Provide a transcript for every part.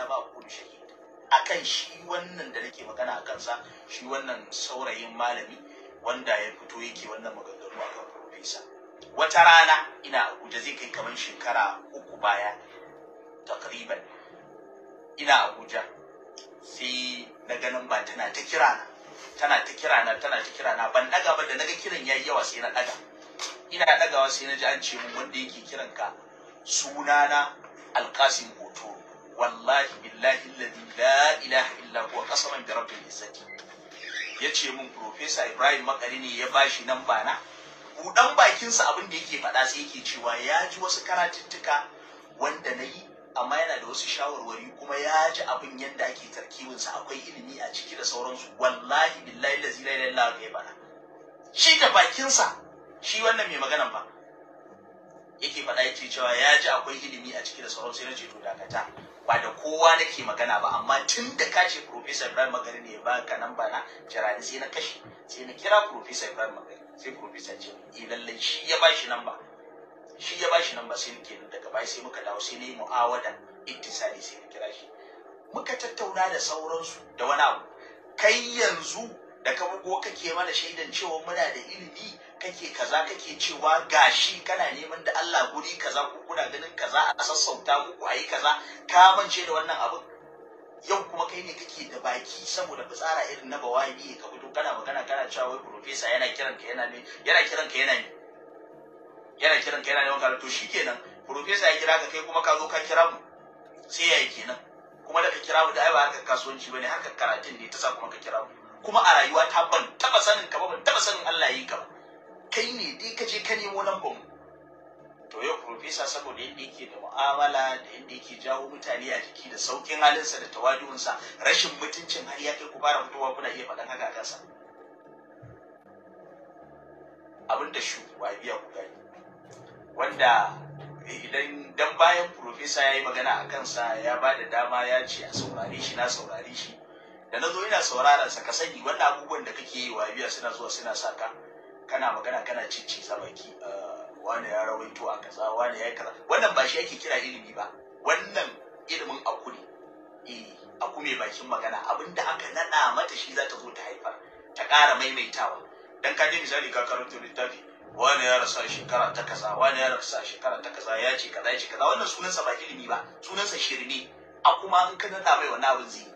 ya ba ku da shi akan shi wannan da nake magana a kansa shi wannan saurayin malami wanda ya fito yake wannan maganganu akan profesa wata rana ina abuja zai kai kamar shekara uku baya takriban ina abuja sai na ganin ba tana ta kira na tana ta kira na tana ta kira na ban daga ba da naga kiran yayi yawa sai na daga ina dagawa sai na ji an ce mun wanda yake kiran ka sunana alkasim hoto wallahi billahi alladhi la ilaha illa huwa qasaman bi rabbil izzati yace mun professor Ibrahim Makari ne ya bashi nan bana budan bakin sa abin da yake faɗa sai yake cewa ya ji wasu karatuttuka wanda nayi amma yana da wasu shawarwari kuma ya ji abin yadda ake tarkibin sa akwai ilimi a ciki da sauransu wallahi billahi alladhi la ilaha illa huwa ya faɗa shi da bakin sa shi wannan mai magana ba yake faɗa yake cewa ya ji akwai ilimi a ciki da sauransu yana ce to dakata ba da kowa nake magana ba amma tun da kashe Profesa Ibrahim Magari ne ba ka nan bana ni sai na kashe sai na kira Profesa Ibrahim Magari sai Profesa ce eh lallai shi ya bashi nan ba shi ya bashi nan ba sai nake daga bai sai muka dawo sai na yi mu'awada ittisali sai na kira shi muka tattauna da sauransu da wani abu kai yanzu da ka bugo kake mana shaidan cewa muna da ilimi kake kaza kake cewa gashi kana neman da Allah guri kaza ko kuna ganin kaza a sassauta muku ayi kaza ka mance da wannan abin yau kuma kai ne kake da baki saboda fitsara irin na bawani ka fito kana magana kana cewa wai profesa yana kiran ka yana ne yana kiran ka yana ne yana kiran ka yana yawan karatu shikenan profesa ya kira ka kai kuma ka zo ka kira mu sai yayi kenan kuma da ka kira mu da ai ba harkar kasuwanci bane harkar karatun ne ta sa kuma ka kira mu kuma a rayuwa ta ban taba sanin ka ba ban taba sanin Allah yi ka kai ne dai kaje ka nemo lamba mu to yau profesa saboda yadda yake da mu'amala da yadda yake jawo mutane a jiki da saukin halinsa da sa, rashin mutuncin har ya kai ku fara fitowa kuna iya faɗan haka a kansa abin da shu wa biya ku gani wanda idan dan bayan profesa ya yi magana a kansa ya ba da dama ya ce a saurare shi na saurare shi da na zo ina sauraron sa ka sani wannan abubuwan da kake yi wa biya suna zuwa suna sa ka kana magana kana cici baki ah, wani ya rawaito a kaza wani ya kaza wannan ba shi ake kira ilimi ba wannan ilimin aku ne eh aku mai bakin magana abinda aka nada mata shi za ta zo ta haifar ta ƙara maimaitawa dan ka je misali ka karanta littafi wani ya rasa shekara ta kaza wani ya rasa shekara ta kaza ya ce kaza ya ce kaza wannan sunansa ba ilimi ba sunansa shirme a kuma in ka nada mai wani abin zai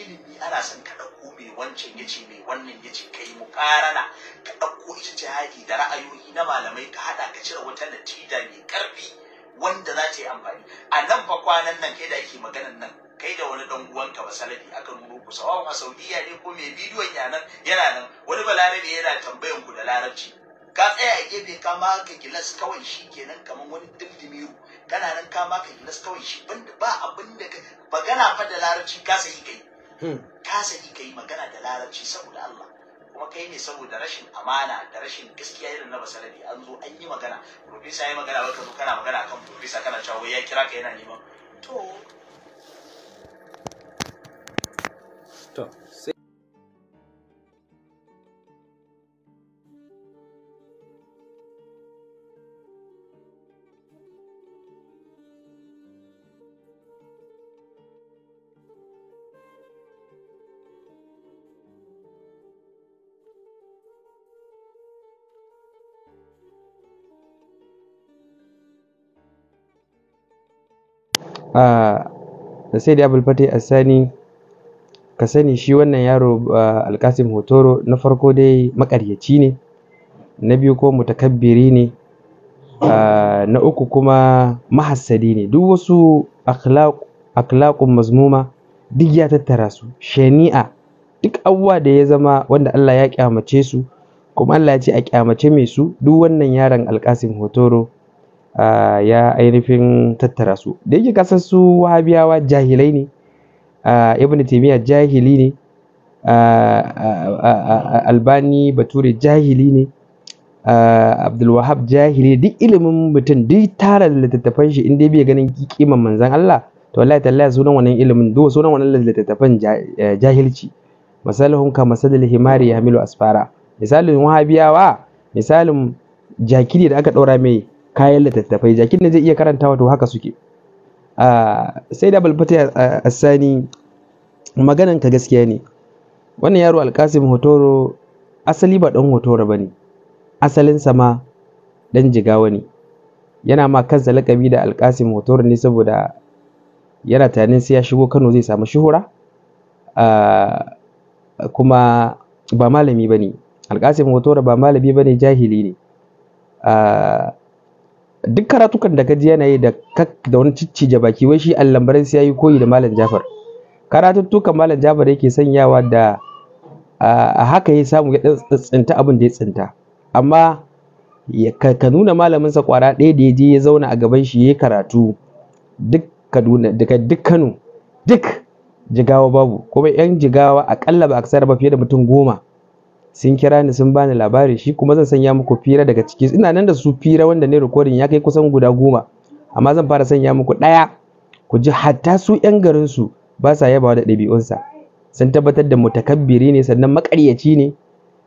ilimi ana son ka ɗauko mai wancan ya ce mai wannan ya ce ka yi mukarana ka ɗauko ijtihadi da ra'ayoyi na malamai ka haɗa ka cire wata natija mai ƙarfi wanda za ta yi amfani a nan fa kwanan nan kai da ake maganan nan kai da wani dan uwanka ba aka nuno ku sawa a saudiya ne ko mai bidiyon nan, yana nan wani balarabe yana tambayan ku da larabci ka tsaya a gefe ka maka gilas kawai shi kenan kamar wani dimdimiru kana nan ka maka gilas kawai shi banda ba abin ka magana fa da larabci ka sai kai Hmm. ka sani ka yi magana da larabci saboda Allah kuma kai ne saboda rashin amana da rashin gaskiya irin na basalabi an zo an yi magana profesa ya yi magana wai ka zo kana magana kan profesa kana cewa ya kira ka yana neman to da sai da abul a Sani, ka sani shi wannan yaro alkasim hotoro na farko dai makaryaci ne na biyu ko mutakabbiri ne na uku kuma mahassadi ne duk wasu akhlaqun mazmuma duk ya tattara su shani'a duk abubuwa da ya zama wanda Allah ya kyamace su kuma Allah ya ce a kyamace mai su duk wannan yaron alkasim hotoro ya ainihin tattara su da yake kasar su wahabiyawa jahilai ne ibn taymiya jahili ne albani bature jahili ne abdulwahab jahili duk ilimin mutum duk tara littattafan shi inda bai ganin kiman manzan Allah to wallahi tallahi sunan wannan ilimin duk sunan wannan littattafan e, jahilci masalahum ka masalil himari yahmilu asfara misalin wahabiyawa misalin jakiri da aka daura mai kayan littattafai jakin da zai iya karantawa to haka suke ah, sai da balbata asani maganan ka gaskiya ne wannan yaro alkasim hotoro asali ba dan hotoro ba ne asalinsa ma dan jigawa ne yana ma kansa lakabi da alkasim hotoro ne saboda yana tunanin sai ya shigo kano zai samu shuhura ah, kuma ba malami ba ne alkasim hotoro ba malami ba ne jahili ne ah, duk karatukan da kaji yana yi da da wani ciccije baki wai shi allambaran sai yayi koyi da malam Jafar karatuttukan malam Jafar yake sanyawa da a haka ya samu ya tsinta abin da ya tsinta amma ka nuna malamin sa kwara ɗaya da ya je ya zauna a gaban shi ya karatu duk Kaduna duk Kano duk jigawa babu kuma yan jigawa akalla ba a ba fiye da mutum goma sun kira ni sun bani labari shi kuma zan sanya muku fira daga ciki ina nan da su fira wanda ne rikodin ya kai kusan guda goma amma zan fara sanya muku ɗaya ku ji hatta su 'yan garinsu ba sa yabawa da ɗabi'unsa sun tabbatar da mutakabbiri ne sannan maƙaryaci ne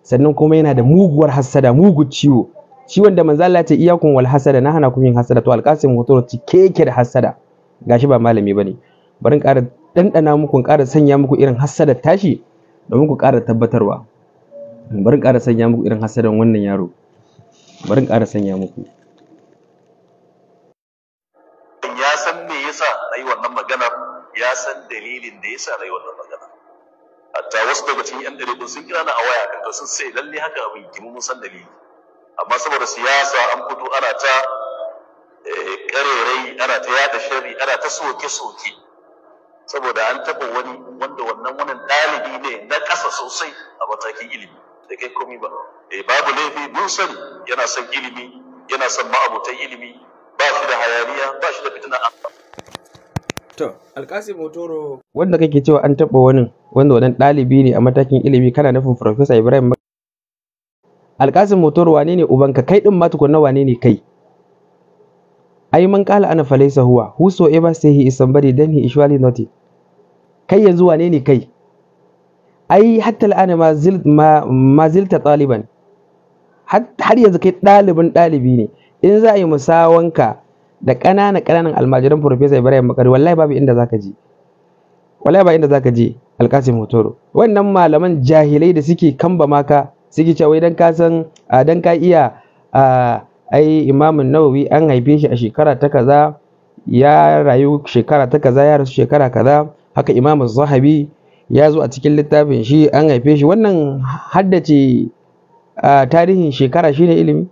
sannan kuma yana da muguwar hassada mugu ciwo ciwon da manzo Allah ya iyakun wal hasada na hana ku yin hasada to alqasim hotoro cike yake da hasada gashi ba malami bane bari in ƙara dandana muku in ƙara sanya muku irin hassada tashi domin ku ƙara tabbatarwa bari in ƙara sanya muku irin hasadan wannan yaro bari in ƙara sanya muku ya san me yasa ai wannan maganar ya san dalilin da yasa ai wannan maganar hatta wasu daga cikin yan dalilin sun kira na a waya kan sun sai lalle haka abin ki mun san dalili amma saboda siyasa an fito ana ta karerai eh, ana ta yada sharri ana ta soke-soke saboda an taɓa wani wanda wannan wannan ɗalibi ne na ƙasa sosai a matakin ilimi da kai komi ba eh babu laifi mun sani yana son ilimi yana son ma'abutan ilimi ba shi da hayaniya ba shi da fitina to alkasi motoro wanda kake cewa an taba wani wanda wannan dalibi ne a matakin ilimi kana nufin professor ibrahim alkasin motoro wane ne ubanka kai din ma tukunna wane ne kai ai man kala ana falaisa huwa whosoever say he is somebody then he is surely not kai yanzu wane ne kai ai hatta al'ana ma zilta ɗaliban har yanzu kai ɗalibin ɗalibi ne in za a yi musawanka da ƙananan ƙananan almajiran profesa ibrahim bakari wallahi babu inda zaka je wallahi ba inda zaka je alkasim hotoro wannan malaman jahilai da suke kamba maka suke cewa idan ka san dan ka iya ai imamun nawawi an haife shi a shekara ta kaza ya rayu shekara ta kaza ya rasu shekara kaza haka imamu zahabi ya zo a cikin littafin shi an haife shi wannan haddace tarihin shekara shine ilimi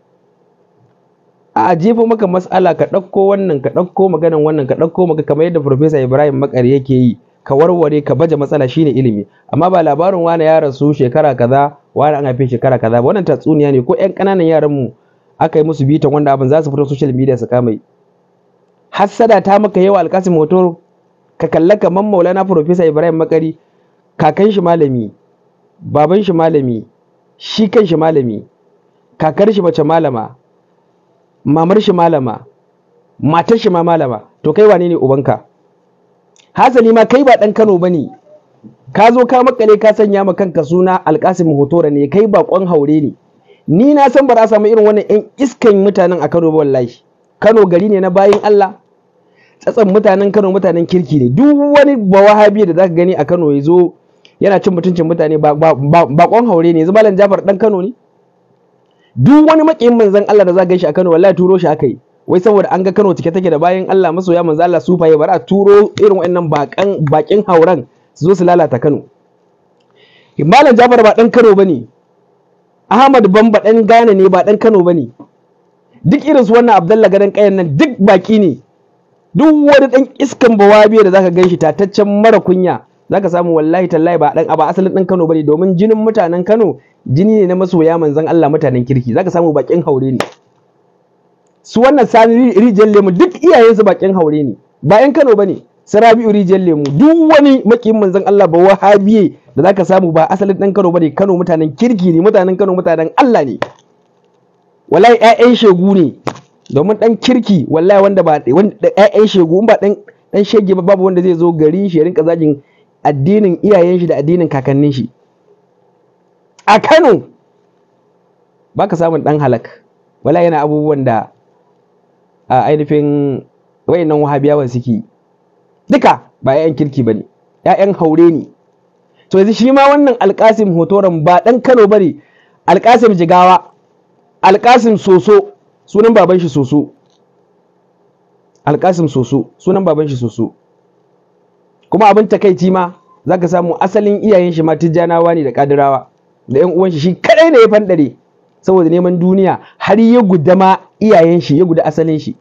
a jefa maka matsala ka ɗauko wannan ka ɗauko maganan wannan ka ɗauko maka kamar yadda Profesa Ibrahim Makari yake yi ka warware ka baje matsala shine ilimi amma ba labarin wani ya rasu shekara kaza wani an haife shekara kaza ba wannan tatsuniya ne ko 'yan ƙananan yaran mu aka yi musu bitan wanda abin za su fito social media su kama yi hassada ta maka yawa alkasim hoto ka kalla kamar maulana Profesa Ibrahim Makari kakan shi malami baban shi malami shi kan shi malami kakar shi mace malama mamar shi malama matar shi ma malama to kai wane ne ubanka hasali ma kai ba dan Kano bane ka zo ka makale ka sanya ma kanka suna alkasim hotora ne kai bakon haure ne ni na san ba za samu irin wannan yan iskan mutanen a Kano ba wallahi Kano gari ne na bayin Allah tsatsan mutanen Kano mutanen kirki ne duk wani bawahabi da zaka gani a Kano ya zo yana cin mutuncin mutane bakon haure ne yanzu malam jafar dan kano ne duk wani makiyin manzon Allah da za a shi a Kano wallahi turo shi aka yi wai saboda an ga Kano cike take da bayan Allah masoya manzon Allah su bari a turo irin wayannan bakan bakin hauran su zo su lalata Kano malam jafar ba dan Kano bane Ahmad Bamba dan Ghana ne ba dan Kano bane duk irin su wannan Abdullahi gadan kayan nan duk baki ne duk wani dan iskan bawabiya da zaka ganshi shi tataccen mara kunya zaka samu wallahi tallahi ba a ba asalin ɗan Kano bane domin jinin mutanen Kano jini ne na masoya manzon Allah mutanen kirki zaka samu bakin haure ne su wannan sani rijiyar lemu duk iyayen su bakin haure ne ba yan Kano bane sarabi'u rijiyar lemu duk wani makiyin manzon Allah ba wahabiye da ka samu ba asalin ɗan Kano bane Kano mutanen kirki ne mutanen Kano mutanen Allah ne wallahi ƴaƴan shegu ne domin ɗan kirki wallahi wanda ba ƴaƴan shegu ba ɗan dan shege babu wanda zai zo garin shi ya rinka zagin addinin iyayen shi da addinin kakannin shi a Kano baka samun dan halak wala yana abubuwan da a ainihin wayannan wahabiyawa suke duka ba 'ya'yan kirki bane 'ya'yan haure ne to yanzu shi ma wannan alkasim hotoran ba dan Kano bane alkasim jigawa alkasim soso sunan baban shi soso alkasim soso sunan baban shi soso kuma abin takaici ma za ka samu asalin iyayen shi ma tijjanawa ne da kadirawa da yan uwan shi shi kadai ne ya fandare saboda neman duniya har ya guda ma iyayen shi ya guda asalin shi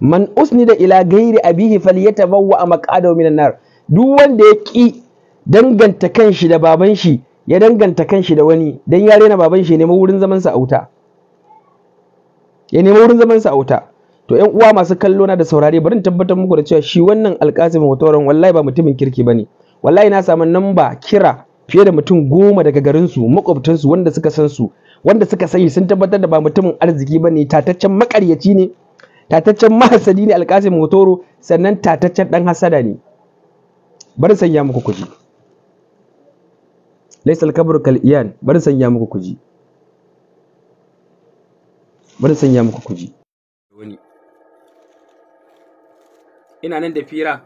man da ila gairi abihi falyatabawwa maq'adahu minan nar duk wanda ya ki danganta kanshi da baban shi ya danganta kanshi da wani dan ya rena baban shi ne wurin zaman sa auta ya nemi wurin zaman sa auta to ƴan uwa masu kallo na da saurare bari in tabbatar muku da cewa shi wannan alkasim hotoron wallahi ba mutumin kirki bane wallahi na samu namba kira fiye da mutum goma daga garinsu makwabtansu wanda suka san su wanda suka sani sun tabbatar da ba mutumin arziki bane tataccen makaryaci ne tataccen mahasadi ne alkasim hotoro sannan tataccen dan hasada ne bari sanya muku kuji al kabru kal iyan bari sanya muku kuji bari sanya muku kuji wani ina nan da fira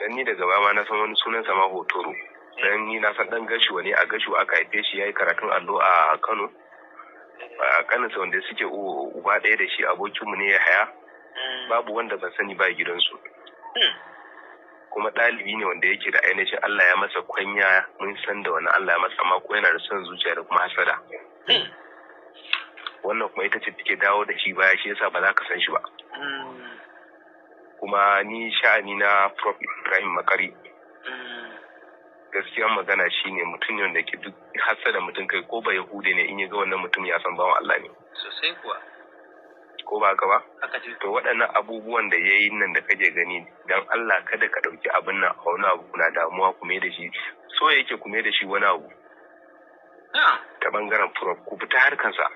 dan ni daga baya ma na san wani sunan sama hotoro dan ni na san dan gashi ne a gashi aka haife shi yayi karatun allo a Kano a kaninsa wanda suke uba ɗaya da shi abokinmu ne ya haya hmm. babu wanda ban sani ba gidansu hmm. kuma ɗalibi ne wanda yake da ainihin Allah ya masa kwanya mun san da wani Allah ya masa amma ko yana da son zuciya da kuma hasada hmm. wannan kuma ita ce take dawo da shi baya shi yasa ba za ka san shi ba kuma ni sha'ani na prof ibrahim makari gaskiya magana shi ne mutum yadda ke duk da mutum kai ko ba yahude ne in yi ga wannan mutum ya san bawan Allah ne sosai kuwa ko ba ka ba to waɗannan abubuwan da ya yi nan da kake gani dan Allah kada ka ɗauki abin nan a wani abu na damuwa kuma da shi so yake kuma da shi wani abu ta bangaren prof ku fita harkansa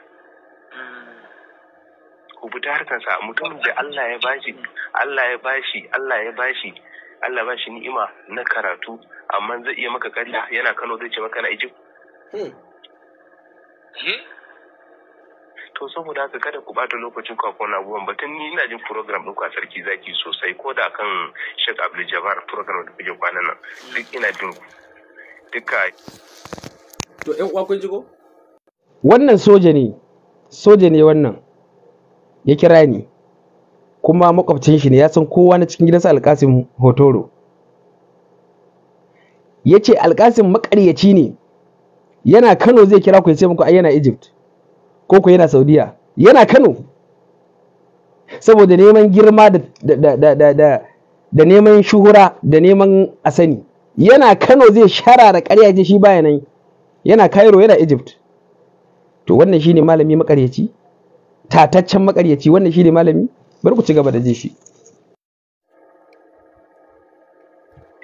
ku fita harkansa mutum da Allah ya bashi Allah ya bashi Allah ya bashi Allah bashi ni'ima na karatu amma zai iya maka kalla yana Kano zai ce maka na Egypt hmm. to saboda haka kada ku bata lokacin ku akwai abubuwan batun ni ina jin program ɗin a sarki zaki sosai ko da kan Sheikh Abdul Jabbar program da kuke kwanan nan duk ina jin ku duka To uwa kun ji ko? Wannan soja ne, soja ne wannan. Ya kira ni. Kuma makwabcin shi ne ya san kowa na cikin gidansa Alkasim Hotoro. Ya ce Alkasim makaryaci ne. Yana Kano zai kira ku ya ce muku ai yana Egypt. Ko ku yana Saudiya. Yana Kano. Saboda neman girma da da neman shuhura da neman asani, yana kano zai shara da ƙarya shi baya nan yana Cairo yana Egypt to wannan shine malami makaryaci tataccen makaryaci wannan shine malami bari ku ci gaba da ji shi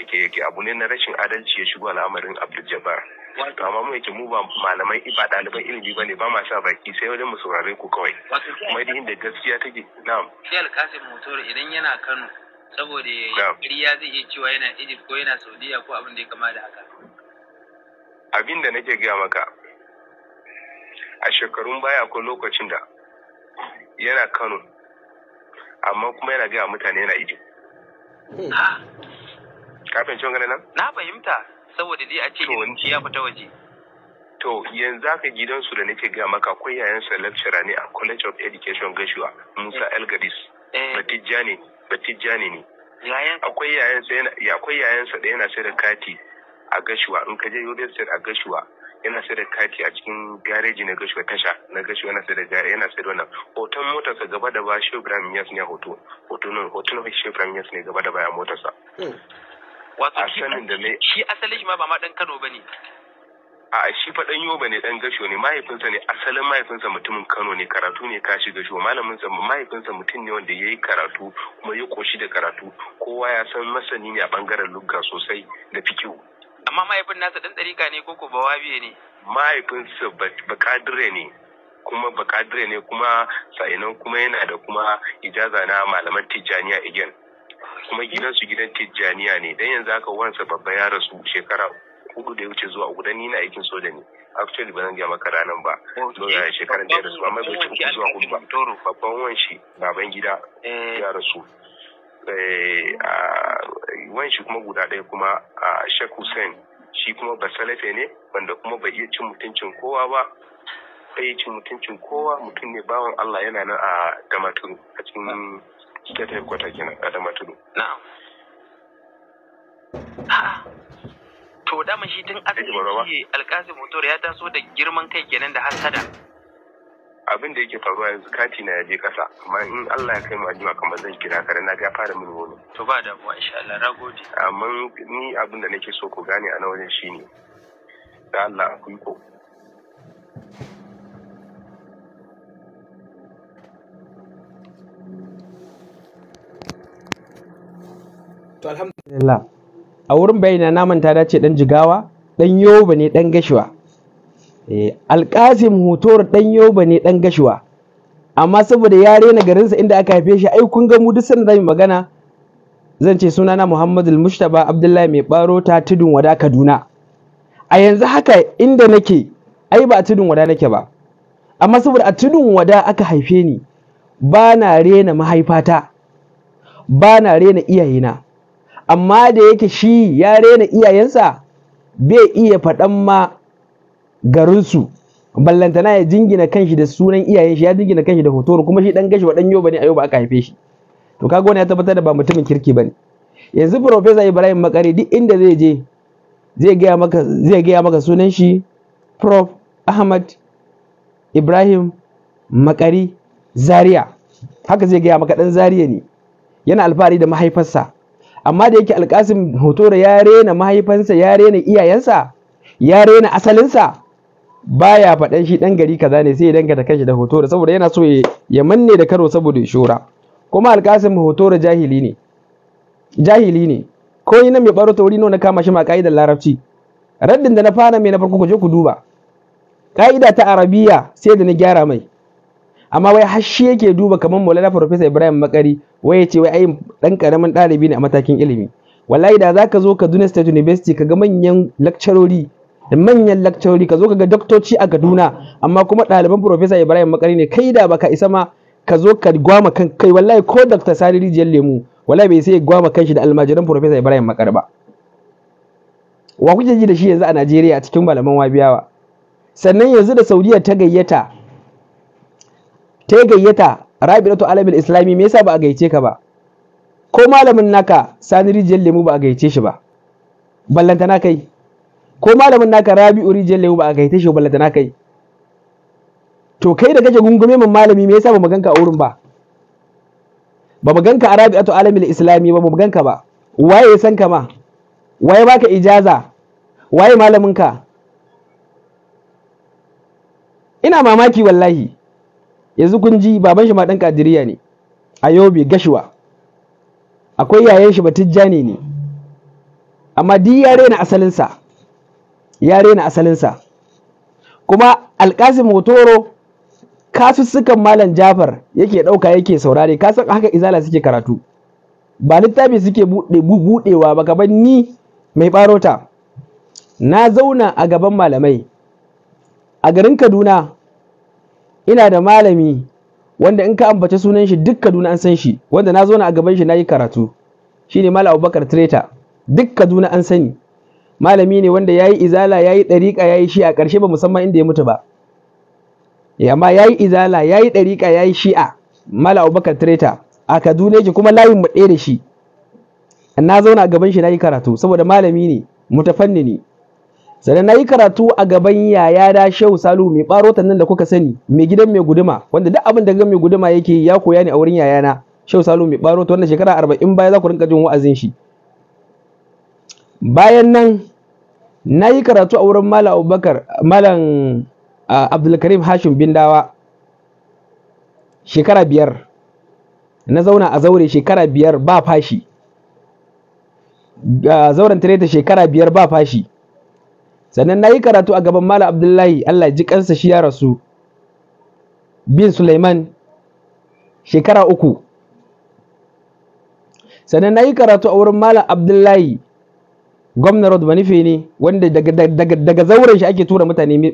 yake yake abu ne na rashin adalci ya shigo al'amarin Abdul Jabbar to amma mu yake mu ba malamai ba ɗaliban ilimi bane ba ma sa baki sai wajen mu saurare ku kawai kuma da inda gaskiya take na'am sai alkasim motor idan yana Kano saboda ya zai iya cewa yana Egypt ko yana Saudiya ko abin da ya kama da haka abin da nake gaya maka a shekarun baya ko lokacin da yana kano amma kuma yana gaya mutane yana ido ka fahimci wani nan na fahimta saboda dai a ce ya fita waje to yanzu haka gidansu da nake gaya maka akwai yayansa lecturer ne a college of education gashuwa musa eh. elgadis eh. batijjani batijjani ne akwai yayansa da yana sai da kati a gashuwa in ka je yobe state a gashuwa yana sai da kati a cikin gareji na gashuwa tasha na gashuwa yana sai da gare yana sai da wannan hoton motarsa gaba da baya shehu ibrahim yas ne hoto hoton hoton shehu ibrahim yas ne gaba da baya motarsa hmm. wato shi asalin shi ma ba ma dan kano bane a shi fa dan yoba ne dan gasho ne mahaifinsa ne asalin mahaifinsa mutumin Kano ne karatu ne kashi gasho malamin sa mahaifinsa mutum ne wanda yayi karatu kuma ya koshi da karatu kowa ya san masani ne a bangaren lugga sosai da fikihu amma mahaifin nasa dan ɗarika ne ko ko bawabiye ne mahaifinsa bakadire ne kuma bakadire ne kuma sa'inan kuma yana da kuma ijaza na malaman tijjaniya again kuma gidan su gidan tijjaniya ne dan yanzu haka wansa babba ya rasu shekara hudu da ya wuce zuwa uku dan ni na aikin soja ne actually ba zan ga maka ranan ba ya shekara da ya rasu amma bai wuce uku zuwa hudu ba babban wanshi baban gida eh. ya rasu Eh, wani shi kuma guda ɗaya kuma Sheikh Hussein shi kuma ba salafe ne wanda kuma bai iya cin mutuncin kowa ba bai cin mutuncin kowa mutum ne bawan Allah yana nan a Damaturu a cikin state headquarter kenan a Damaturu na'am to dama shi tun asali alƙasim motor ya taso da girman kai kenan da hasada abin da yake faruwa yanzu kati na je kasa amma in Allah ya kai mu ajiya kamar zan kira kare na ga fara min wani to ba da mu insha Allah ragode amma ni abin da nake so ku gane a nan shi shine da Allah ku ko to alhamdulillah a wurin bayyana naman ta dace dan jigawa dan yobe ne dan gashiwa Eh, alƙasim hutor ɗan yoba ne dan gashuwa amma saboda ya rena garinsa inda aka haife shi ai kun ga mu duk sanda zamu magana zan ce sunana Muhammad Mustaba Abdullahi mai baro ta tudun wada Kaduna a yanzu haka inda nake ai ba tudun wada nake ba amma saboda a tudun wada aka haife ni ba na rena mahaifata ba na rena iyayena amma da yake shi ya rena iyayensa bai iya faɗan ma garinsu ballantana ya jingina kanshi da sunan iyayen shi ya jingina kanshi da hotoro kuma shi dan gashi wadan yoba ne a yoba aka haife shi to kaga wani ya tabbatar da ba mutumin kirki bane yanzu professor Ibrahim Makare duk inda zai je zai gaya maka zai gaya maka sunan shi prof Ahmad Ibrahim Makari Zaria haka zai gaya maka dan Zaria ne yana alfahari da mahaifarsa amma da yake alkasim hotoro ya rena mahaifansa ya rena iyayensa ya rena asalinsa baya faɗan shi ɗan gari kaza ne sai ya dangata kanshi da hoto da saboda yana so ya manne da karo saboda shura kuma alƙasim hoto da jahili ne jahili ne ko ina mai baro tauri nawa na kama shi ma ka'idar larabci raddin da na fara mai na farko ku je ku duba ka'ida ta arabiya sai da na gyara mai amma wai hashi yake duba kamar maulana professor ibrahim makari wai ya ce wai ayin ɗan ƙaramin ɗalibi ne a matakin ilimi wallahi da ka zo kaduna state university ka ga manyan lakcarori Da manyan lakcori ka zo ka ga doktoci a Kaduna amma kuma ɗaliban Profesa Ibrahim Makari ne kai da baka isa ma ka zo ka gwama kan kai wallahi ko Dr. Sani Rijiyar Lemu wallahi bai sai gwama kanshi da almajiran Profesa Ibrahim Makari ba wa kuke ji da shi yanzu a Najeriya a cikin malaman wabiyawa sannan yanzu da Saudiya ta gayyata ta gayyata Rabi'atu Alamil Islami me yasa ba a gaice ka ba ko malamin naka Sani Rijiyar Lemu ba a gaice shi ba ballantana kai ko malamin naka rabi'u rijiyar lemu ba a gaita shi ballata na kai to kai da kake gungume min malami me yasa ba mu ganka a wurin ba ba mu ganka a to alamil islami ba mu ganka ba waye ya san ka ma waye baka ijaza waye malamin ka ina mamaki wallahi yanzu kun ji baban shi ma dan kadiriya ne a yobe gashuwa akwai yayan shi batijjani ne amma di ya rena asalinsa ya rena asalinsa kuma alkasim motoro kasussukan malam jafar yake ɗauka yake saurare san haka izala suke karatu ba littafi suke buɗewa ba gaban ni mai ɓarota na zauna a gaban malamai a garin kaduna ina da malami wanda in ka ambace sunan shi duk kaduna an san shi wanda na zauna a gaban shi na yi karatu shine malam abubakar treta duk kaduna an sani malami ne wanda ya yi izala ya yi ɗariƙa ya yi shi'a ƙarshe ba musamman inda ya mutu ba ya eh, ya yi izala yayi ya yayi shi'a mala abubakar treta a kaduna yake kuma layin mu ɗaya da shi na zauna a gaban shi na yi karatu saboda malami ne mutafanni ne sannan na yi karatu a gaban yaya da shehu salu mai ɓaro nan da kuka sani mai gidan mai guduma wanda duk abin da ga mai guduma yake ya koya ne a wurin yayana shehu salu mai ɓaro ta wanda shekara arba'in baya za ku rinka jin wa'azin shi bayan nan na yi karatu a wurin malam abubakar malam ah, abdulkarim hashim bindawa shekara biyar na zauna a zaure shekara biyar ba fashi zauren tireta shekara biyar ba fashi sannan na yi karatu a gaban malam abdullahi allah ji kansa shi ya rasu bin suleiman shekara uku sannan na yi karatu a wurin malam abdullahi gwamna rod Manife ne wanda daga zauren shi ake tura mutane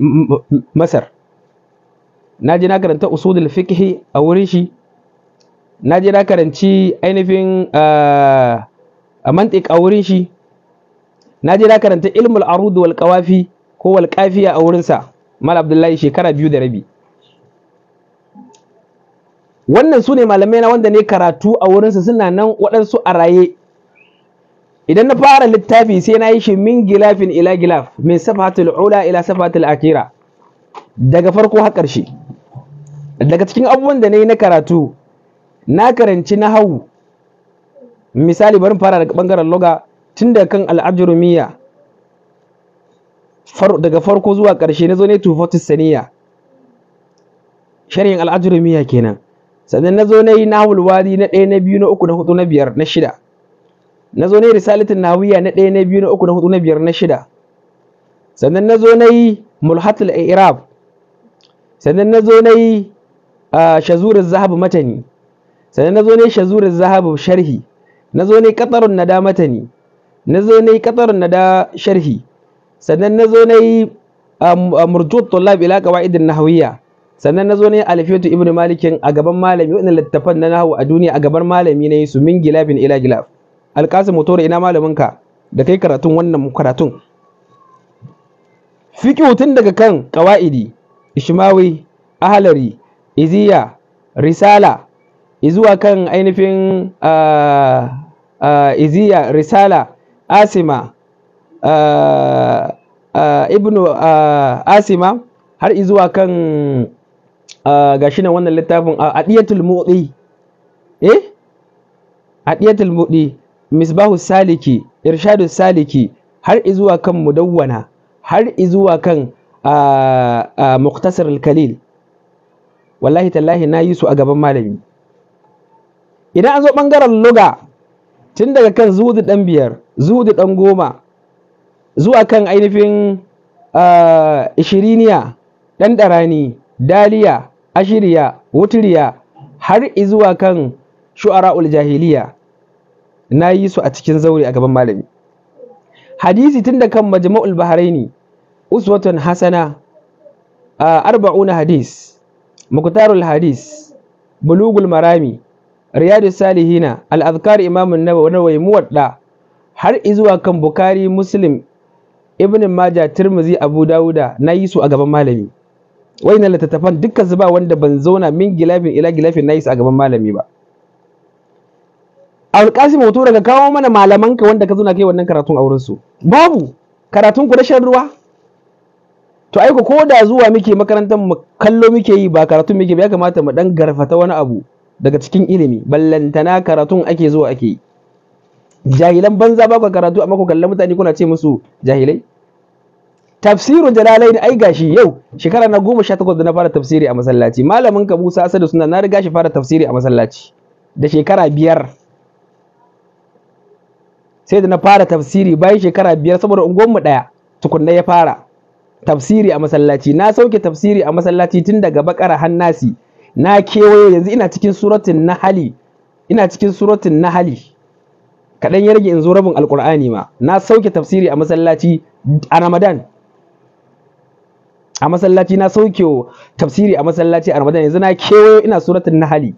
masar na je na karanta usulul fiqhi a wurin shi na je na karanci ainihin ah, a mantik a wurin shi na je na karanta ilmul arud wal qawafi ko wal qafiya a wurin sa mal abdullahi shekara biyu da rabi wannan su ne malamai na wanda ne karatu a wurinsa suna nan waɗansu a raye idan na fara littafi sai na yi shi min gilafin ila gilaf min safatul ula ila safatul akira daga farko har ƙarshe daga cikin abubuwan da na yi na karatu na karanci na hau misali bari fara daga bangaren loga tun daga kan al'ajurumiya daga farko zuwa ƙarshe na zo ne 240 saniya sharhin al'ajurumiya kenan sannan na zo na yi nahul wadi na ɗaya na biyu na uku na hudu na biyar na shida na zo na yi risalatin nawiya na ɗaya na biyu na uku na hudu na biyar na shida sannan na zo na yi mulhatul irab sannan na zo na yi shazurin zahabu matani sannan na zo na yi shazurin zahabu sharhi na zo na yi na nada matani na zo na yi na nada sharhi sannan na zo na yi murjut tullab ila qawaidin nahawiyya sannan na zo ne alfiyatu ibnu malikin a gaban malami wannan littafan na nahawu a duniya a gaban malami yi su min gilafin ila gilaf alƙasim motore ina malaminka da kai karatun wannan karatun fiƙihu tun daga kan ƙawa'idi ishmawi ahalari iziya risala izuwa kan ainihin iziya risala asima ibnu asima har izuwa kan gashi nan wannan littafin ɗiyatul mudi eh ɗiyatul mudi misbahu saliki irshadu saliki har izuwa kan mudawwana har izuwa kan muktasar kalil wallahi tallahi na yi su a gaban malami idan an zo ɓangaren luga tun daga kan zuhudu ɗan biyar zuhudu ɗan goma zuwa kan ainihin ishiriniya ɗan ɗarani daliya ashiriya wutiriya har izuwa kan shu'ara'ul jahiliya na yi su a cikin zaure a gaban malami hadisi tun da kan majma'ul bahraini uswatun hasana arba'una hadis muktarul hadis bulugul marami riyadu salihina al-azkar imamun nabawi wani muwadda har izuwa kan bukari muslim ibn Maja, tirmizi abu dawuda na yi su a gaban malami Wai na littattafan dukkan zuba wanda ban zauna min gilafin ila gilafin na yi su a gaban malami ba alƙasim hoto daga kawo mana malamanka wanda ka zuna kai wannan karatun a wurinsu babu karatun ku na shan ruwa to ai ko da zuwa muke makarantar mu kallo muke yi ba karatun muke ba ya kamata mu dan garfata wani abu daga cikin ilimi ballantana karatun ake zuwa ake yi jahilan banza ba ku karatu amma ku kallon mutane kuna ce musu jahilai tafsirun jalalain ai gashi yau shekara na goma sha takwas da na fara tafsiri a masallaci malamin ka Musa Asadu suna na riga shi fara tafsiri a masallaci da shekara biyar sai da na fara tafsiri bayan shekara biyar saboda unguwanmu ɗaya tukunna ya fara tafsiri a masallaci na sauke tafsiri a masallaci tun daga bakara hannasi na kewaye yanzu ina cikin suratin nahali ina cikin suratin nahali kaɗan ya rage in zo rabin alkur'ani ma na sauke tafsiri a masallaci a ramadan a masallaci na sauke tafsiri a masallaci a ramadan yanzu na kewayo ina suratin nahali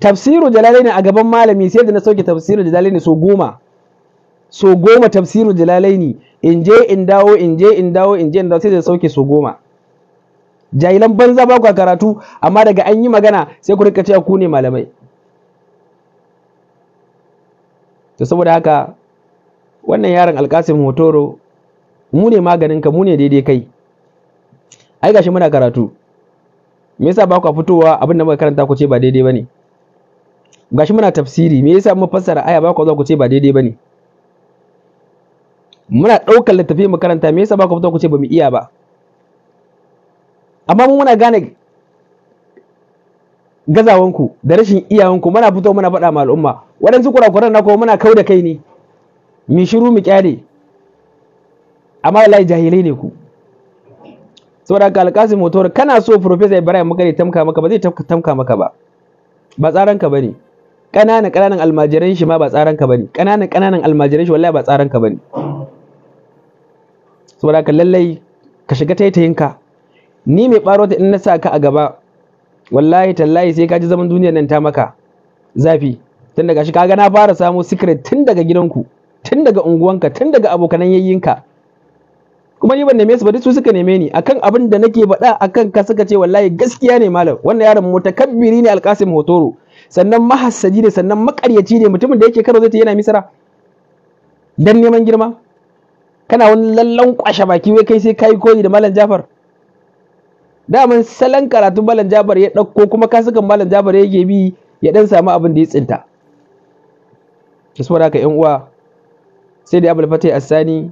tafsiru jalalaini a gaban malami sai da na sauke tafsiru jalalaini so goma so goma tafsiru jalalaini in je in dawo in je in dawo in je in dawo sai da sauke so goma jahilan banza ba ku karatu amma daga an yi magana sai ku rika cewa ku ne malamai to saboda haka wannan yaron alkasim Motoro mu ne maganinka mu ne daidai kai ai gashi muna karatu me yasa ba ku fitowa abin da muka karanta ku ce ba daidai bane ne gashi muna tafsiri me yasa mun fassara aya ba ku zo ku ce ba daidai bane muna ɗaukar littafi mu karanta me yasa ba ku fito ku ce ba mu iya ba amma mun muna gane gazawanku da rashin iyawanku muna fito muna faɗa ma al'umma waɗansu kurakuran na kuma muna kau da kai ne mi shiru mi kyale amma wallahi jahilai ne ku saboda ka alƙasi motor kana so professor ibrahim magari tamka maka ba zai tamka maka ba ba tsaranka ba ne ƙananan ƙananan almajiran shi ma ba tsaran ka bane ƙananan ƙananan almajiran shi wallahi ba tsaran ka bane saboda ka lallai ka shiga taitayin ka ni mai ɓaro ta in na sa ka a gaba wallahi tallahi sai ka ji zaman duniyar nan ta maka zafi tun daga shi kaga na fara samo secret tun daga gidanku tun daga unguwanka tun daga abokanan yayyinka kuma ni ban neme su ba duk su suka neme ni akan abin da nake faɗa akan ka suka ce wallahi gaskiya ne malam wannan yaron mutakabbiri ne alkasim hotoro sannan mahassaji ne sannan makaryaci ne mutumin da yake karo zai ta yana Misira. dan neman girma kana wani lallan kwashe baki wai kai sai kai koyi da malam jafar daman salon karatun malam jafar ya ɗauko kuma kasukan malam jafar yake bi ya dan samu abin da ya tsinta ki saboda haka yan uwa sai da abul fatai Sani,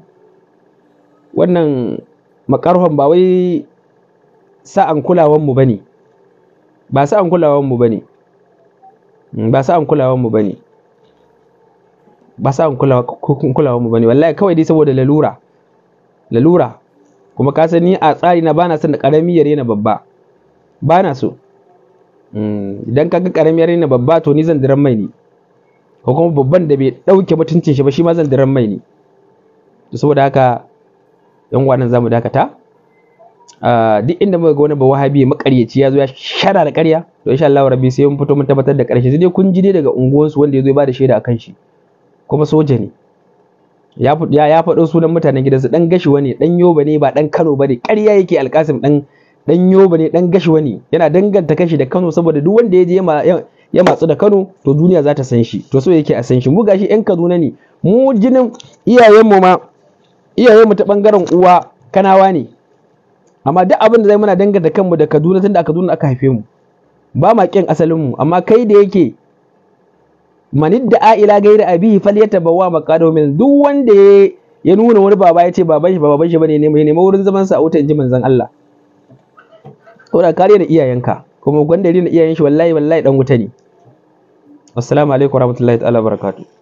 wannan makarhon ba wai sa'an kulawan ba sa'an bane Mm, ba sa'an kulawar mu bane ba sa'an kulawar mu bane wallahi kawai dai saboda lalura lalura kuma ka sani a tsari na bana son da karami yare na babba bana so mm, idan ka ga karami yare na babba to ni zan diran mai ne ko kuma babban da bai dauke mutuncin shi ba shi ma zan diran mai ne saboda haka yan wannan zamu dakata Ah, duk inda muka ga wani bawahabi makaryaci ya zo ya shara da ƙarya to insha Allah rabbi sai mun fito mun tabbatar da ƙarshe sai dai kun ji dai daga unguwansu wanda ya zo ya bada shaida akan shi kuma soja ne ya ya ya faɗo sunan mutanen gidansa dan gashi wani dan yoba ne ba dan Kano bane ƙarya yake alƙasim dan dan yoba ne dan gashi wani yana danganta kanshi da Kano saboda duk wanda ya je ya matsu da Kano to duniya za ta san shi to so yake a san shi mu gashi yan Kaduna ne mu jinin iyayenmu ma iyayenmu ta bangaren uwa Kanawa ne amma duk abin da zai muna danganta kanmu da Kaduna tun da Kaduna aka haife mu ba ma kin asalin mu amma kai da yake manid da a'ila gaira abihi falyatabawa maqadahu min duk wanda ya nuna wani baba ya ce baban shi baban shi bane ne mai neman wurin zaman sa a wutan jimin zan Allah da kare da iyayenka kuma gwanda da iyayen shi wallahi wallahi dan wuta ne assalamu alaikum warahmatullahi ta'ala barakatuh